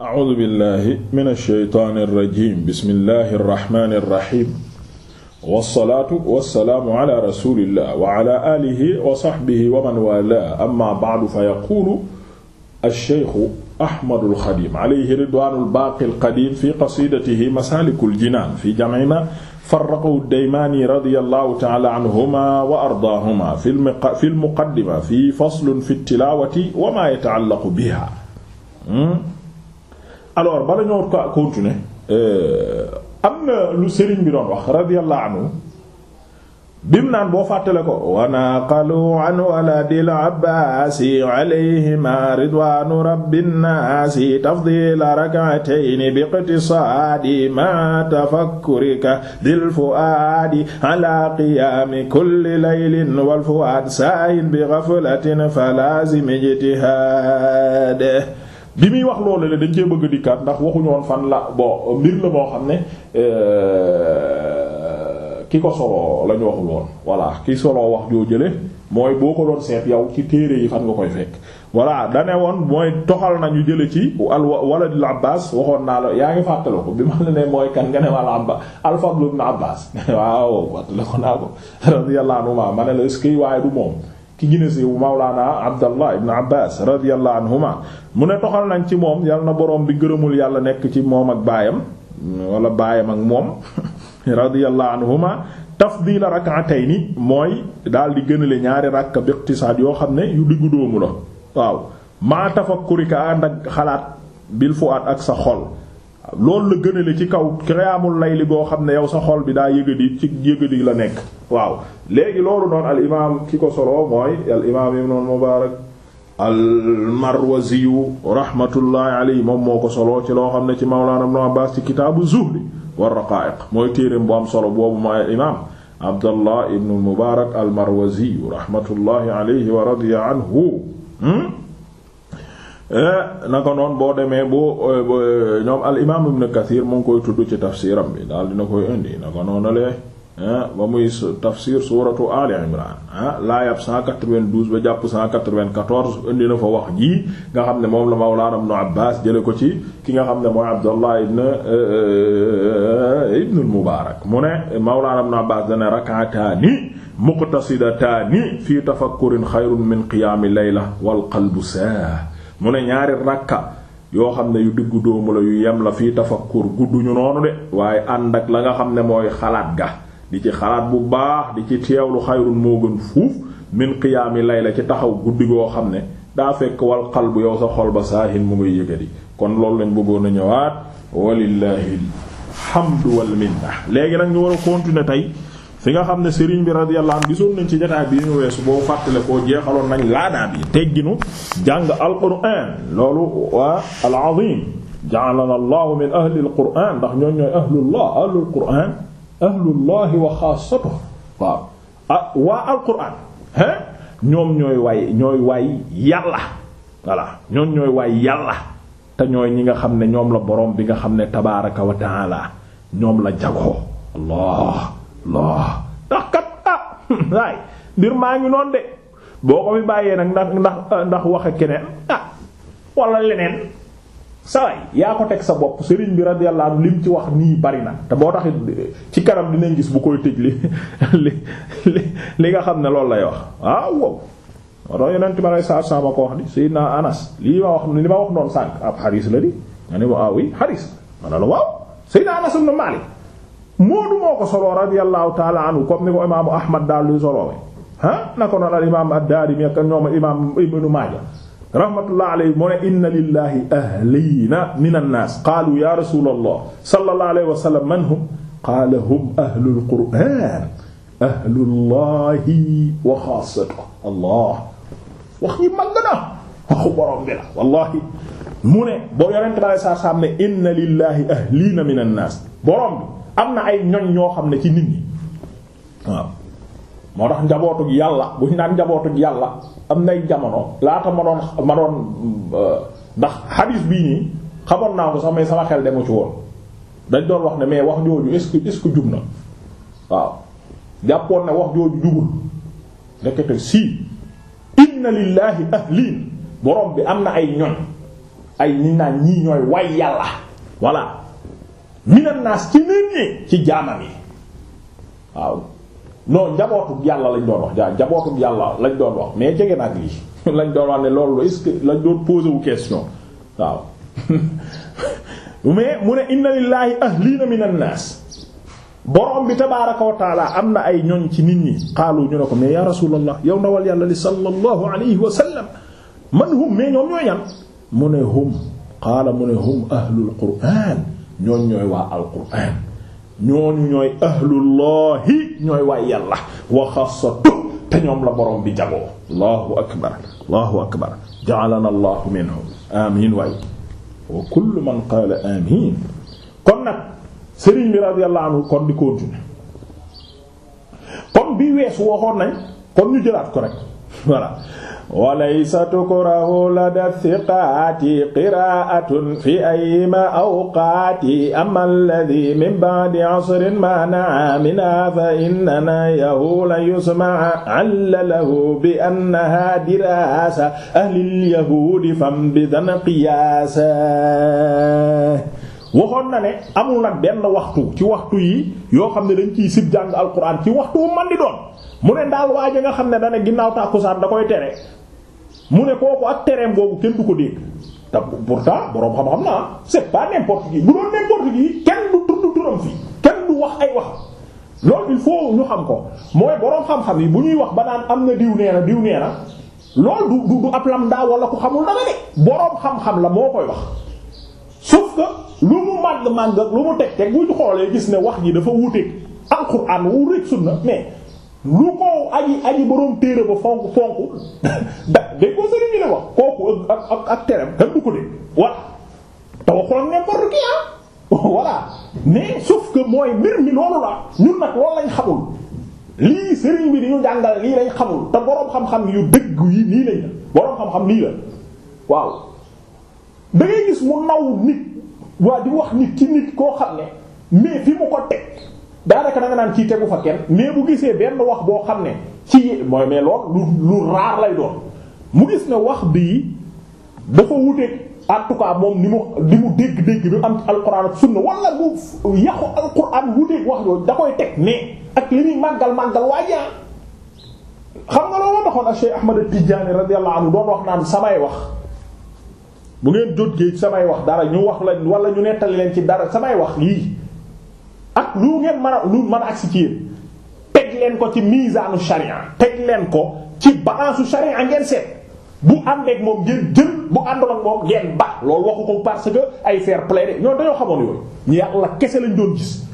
A'uuzu billaahi mina shaytaani rajiim bismillaahi rahmaani rahiim. wasalaatu wasalaamu ala rasuulillah wa ala aalihi wa saxbihi wa man waalaahu amma ba'du fa yaquulu ash-shaykhu Ahmadu al-Xadiim alayhi ridwaanu al-baaqi al-qadiim fi qasiidatihi masaaliku al-jinaan fi jam'i maa farraqahu ad-Daymaani radiyallaahu ta'aalaa anhumaa wa ardaahumaa fi al-muqaddima fi faslin fi at-tilaawati wa maa yata'allaqu bihaa hmm? alors bala ñoo ko continuer euh, am na lu sëriñ bi doon wax radiyallahu anhu bim naan boo fàttale ko wa naqalu an waladil abbaasi alayhima ridwaanu rabbin naasi tafdila rak'atayn biqtisaadi ma tafakkurika dil fuaadi ala qiyaami kulli laylin wal fuaad saahin bi ghaflatin falazim ijtihaad bi muy wax loolu le dañ cee bëgg dikkaat ndax waxuñu woon fan la bon mbir la moo xam ne euh, ki ko solo la ñu waxul woon voilà ki solo wax joo jële mooy boo ko doon seet yow ci téere yi fan nga koy fekk voilà dane woon mooy toxal nañu jële ci al waladul abbas waxoon naa la yaa ngi fàttala ko bi ma la ne mooy kan nga ne wal aba alfadlu ibn abbas waaw fàttala ko naa ko radiyallahu anhu ma ne la est-ce waaye du moom ki gën a siiw Mawlaana Abdallah ibn Abbas radiyallahu anhuma mu ne toxal nañ ci moom yal na borom bi gërëmul yàlla nekk ci moom ak baayam wala baayam ak moom la anhuma tey rak'atayni mooy daal di gënale ñaari rakka biqtisaad yoo xam ne yu diggu dóomu la waaw maa tafakkurika ànd ak xalaat bil fu'aad ak sa xol loolu la gënale ci kaw xiyaamul layli goo xam ne yow sa xol bi daa yëgadi ci yëgadi la nekk waaw léegi loolu doon al imaam ki ko soloo mooy al imaam ibn Mubaarak al Marwazi rahmatullahi alayhi moom moo ko soloo ci loo xam ne ci Mawlaana Ibn Abbaas ci kitaabu Zuhd wa Raqaa'iq mooy téereem bu am solo boobu mooy al imaam Abdallah ibn Mubaarak al Marwazi rahmatullahi alayhi wa radiya anhu hmm? Eh, ko noonu boo demee boo eh, eh, ñoom al imaam ibn kathir mu ngi koy tudd ci tafsiram bi daal dina koy indi naka noonu lee ba muy tafsir suuratu ali imran ah, laayab 192 ba jàpp 194 indi na fa wax ji nga xam ne moom la mawlaana ibn abbas jële ko ci ki nga xam ne mooy abdullah ibn ibn mubaarak mu ne mawlaana ibn abbas dana rakaataani muqtasidataani fi tafakkurin xayrun min qiyaami layla wal qalbu saah mu ne ñaari rakka yoo xam ne yu diggu dóomu la yu yem la fii tafakkur gudduñu noonu de waaye ànd ak la nga xam ne mooy xalaat ga di ci xalaat bu baax di ci teewlu xayrun moo gën fuuf min lay layla ci taxaw guddi goo xam ne daa fekk wal qalbu yow sa xol ba saahin mu ngay yëgati kon loolu lañ bëggoon a ñëwaat walillahi alhamdu wal minna léegi nag ñu war a tey fi nga xam ne sëriñ bi radiyallahu anhu gisoon nañ ci jotaay bi ñu weesu boo fàttale koo jeexaloon nañ laadaa bi tegginu jàng alquran loolu waa al azim ja'alana allahu min ahli al quran ndax ñooñ ñooy ahlullah ahlul quran ahlullahi wa xaasatuh waaw ah waa al quran hein ñoom ñooy waay ñooy waay yàlla voilà ñoom ñooy waay yàlla te ñooy ñi nga xam ne ñoom la borom bi nga xam ne tabaaraka wa taala ñoom la jagoo allah Allah ndax kat ah waay mbir maa ngi noonu de boo ko fi bàyyee nag ndax ndax eh, ndax waxe keneen ah wala leneen saway yaa ko teg sa bopp sëriñ bi radiyallahu anhu lim ci wax nii bari na te boo taxit eh, ci kanam dinañ gis bu koy tëj li li li nga xam ne loolu lay wax ah wow watax yonent ma lay sa sama ko wax di sayyidina anas lii ma wax li ma wax noonu sànq ab xaris la di nga ne ma ah oui xaris ma ne la waaw sayyidina anas ibn malik Moodu moo ko soloo radiyallahu taala anhu comme ni ko imaamu Ahmad daal di soloo ah na ko noonu al imaam ad-Daarimi ak ñoom imaam Ibnu Maaja rahmatullah alayhi mu ne inna lillahi ahliina min an-naas qaalu ya rasulallah sallallahu alayhi wa sallam man hum qaala hum ahlul qur'aan ahlullahi wa xaassatuhu allah wax yi màgg na waxu borom bi la wallahi mu ne boo yorente ma lay saa saam ne inna lillahi ahliina min an-naas borom bi am na ay ñoñ ñoo xam ne ci nit ñi waaw moo tax njabootu yàlla bu ñu naan njabootu yàlla am nay jamono laata ma doon ma doon euh, ndax hadis bii nii xamoon naa ko sax sama xel demu ci woon dañ doon wax ne mais wax jooju est-ce que jub na waaw jàppoon ne wax jooju jubul ndekete si inna lillahi ahliin borom bi am na ay ñoñ ay ni naan ñii ñooy way yàlla voilà minan naas ci nit ñi ci jaamam yi waaw non njabootug yàlla lañ doon wax jaa yàlla lañ doon wax mais jege nag lii lañ doon wax ne loolu est lañ doon poser wu question waaw mais mu ne inna lillahi ahliina minan naas borom bi tabaaraka wa am na ay ñoñ ci nit ñi xaalu ñu ne ko mais ya rasulallah yow ndawal yàlla li sallallahu alayhi wa man hum mais ñoom ñooy mu ne hum qaala mu ne hum ahlul qur'aan ñooñ ñooy waa alquraan ñooñu ñooy ahlullahi ñooy waa yàlla wa xassatu te ñoom la borom bi jagoo allahu akbar allahu akbar ja'alana allahu minhum amin waay wa kullu kon nag sëriñ bi radiyallahu anhu kon di continuer kon bi weesu waxoon nañ kon ñu jëlaat ko rek voilà walaysa tukrahu la def thiqaati qiraatun fi ayma awqaati amma alladhi min ba'di asrin maana amina fa innana yahu la yusma'a alla lahu bi annaha diraasa ahlil yahudi fam bidan qiyaasa waxoon na ne amul nag benn waxtu ci waxtu yi yoo xam ne dañ ciy sib jàng alquran ci waxtu man di doon mu ne daal waaja nga xam ne dana ginnaaw tàkkusaan da koy tere mu ne kooku ak terrain boobu kenn du ko dégg te pourtant boroom xam-xam na c'est pas n'importe qui bu doon n'importe qui kenn du tudd turam fii kenn du wax ay wax lool il faut ñu xam ko mooy boroom xam-xam yi bu ñuy wax ba naan am na diw nee na diw nee lool loolu du du ab lamda wala ku xamul dara de boroom xam-xam la moo koy wax sauf que lu mu màgg màgg lu mu teg teg bu ñu xoolee gis ne wax ji dafa wuuteeg alxuraan wu rëcc sunna mais. lu ko aji aji borom téere ba fonk fonk da dañ ko sëriñ ñu ne wax kooku ak ak ak teram kenn du ko dégg voilà te waxoon n'importe qui voilà mais sauf que mooy mbir mi loolu la ñun nag loolu lañ xamul lii sëriñ bi di ñu jàngal lii lañ xamul te borom xam-xam yu dëgg yi nii lañ la borom xam-xam nii la waaw da gis mu naw nit waa di wax nit ci nit koo xam ne mais fi mu ko teg. daanaka da nga naan kii tegu fa kenn mais bu gisee benn wax boo xam ne ci mooy mais lool lu lu raar lay doon mu gis ne wax bii dafa wuteeg en tout moom ni mu dégg-dégg bi am ci alquran ak sunna wala bu yàqu alquran wuteeg wax yooyu da teg mais ak li muy màggal màggal waajaa ah. xam nga loolu taxoon ak Cheikh Ahmad Tidiane radiyallahu anhu doon wax naan samay wax bu ngeen jot géej samay wax dara ñu wax lañu wala ñu nettali leen ci dara samay wax yii ak lu ngeen mën a lu mën a agsi ci yéen teg leen ko ci miisaanu sharia teg leen ko ci balance sharia ngeen seet bu àndeek moom ngeen jël bu àndul ak moom ngeen ba loolu waxu ko parce que ay fair play de ñoom dañoo xamoon yooyu yàlla kese lañ doon gis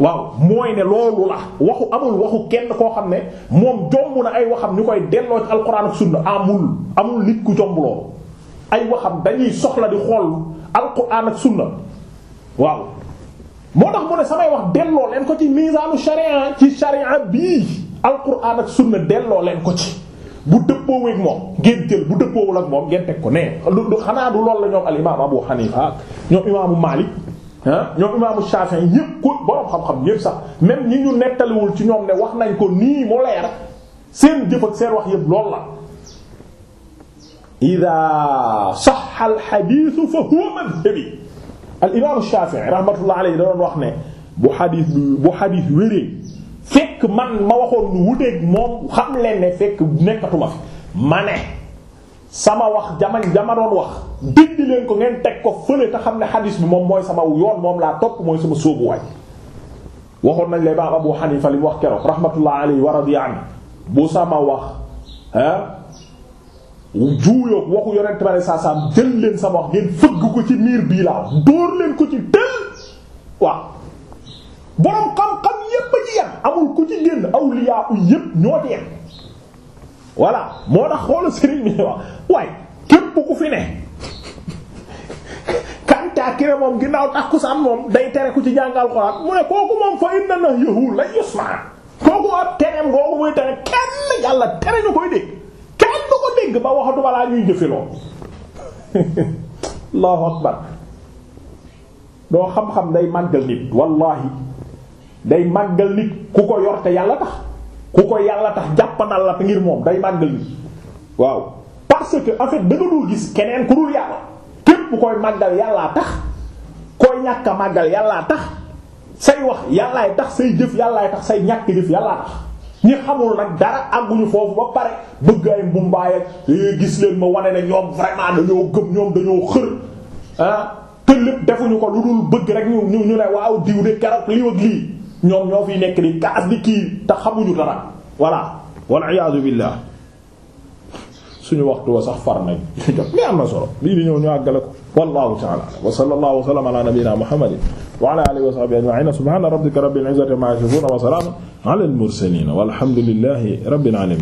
waaw mooy ne loolu la waxu amul waxu kenn koo xam ne moom jomb na ay waxam ñu koy delloo ci alxuraan ak sunna amul amul nit ku jomb loolu ay waxam dañuy soxla di xool alxuraan ak sunna waaw moo tax mu ne samay wax delloo leen ko ci misaanu sharia ci sharia bii alquran ak sunna delloo leen ko ci bu dëppoo ak moom ngeen jël bu dëppoowul ak moom ngeen teg ko nee lu xanaa du loolu la ñoom al imam Abu Hanifa ñoom imaamu Malik ah ñoom imaamu Shafi'i ñëpp ko borom xam-xam ñëpp sax même ñi ñu nettaliwul ci ñoom ne wax nañ ko nii mu leer seen jëf ak seen wax yëpp lool la ida sahha al hadith fa huwa madhhabi al imaamu Shaafi'i rahmatullah alayhi da doon wax ne bu xadiis bu xadiis wéree fekk man ma waxoon lu wuteeg moom xam leen ne fekk nekkatuma fi ma ne sama wax jama jama doon wax dindi leen ko ngeen teg ko fële te xam ne xadiis bi moom mooy sama yoon moom laa topp mooy sama sóobuwaay waxoon nañ la imaam Abu Xanifa li wax keroog rahmatullah alayhi wa radiya anhu bu sama wax juuyoog waxu yonent bi alei saatu salaam jël leen sama wax ngeen fëgg ko ci miir bii laa dóor leen ko ci tël waaw boroom xam-xam yépp a ci yam amul ku ci génn awliya u yépp ñoo ci yam waaye képp ku fi ne kantaa kire moom ginnaaw tàkkusaan moom day tere ku ci jàng alxuraan mu ne kooku moom fa inna nahyahu la yusma kooku ab tereem googu muy tere kenn yàlla tere ñu koy dégg dégg ba waxatu balaa ñuy jëfiloo allahu akbar doo xam-xam day màggal nit wallahi day màggal nit ku ko yor yàlla tax ku ko yàlla tax jàppanal la te ngir moom day màggal nit waaw parce que en fait dul gis keneen ku dul yàlla képp bu koy màggal yàllaa tax koy ñàkk màggal yàllaa tax say wax yàllaay tax say jëf yàllaay tax say ñàkk jëf yàllaa tax ni xamul nag dara àgguñu foofu ba pare bëgg ay mbumbaay ak eh, gis leen ma wane ne ñoom vraiment dañoo gëm ñoom dañoo xër ah te lépp defuñu ko lu dul bëgg rek ñu ñu ne waaw diw de keroog lii ak lii ñoom ñoo fiy nekk di kaas di kii te xamuñu dara voilà wal iyaazu billah suñu waxtu wa sax far nañ jot li am na solo lii di ñëw ñu àggale ko wallahu ta'ala wa sallallahu wa sallama ala nabiyyina muhammadin wa ala alihi wa sahbihi ajma'in subhana rabbika rabbil izzati amma yasifun wa salamun ala al mursalin walhamdulillahi rabbil alamin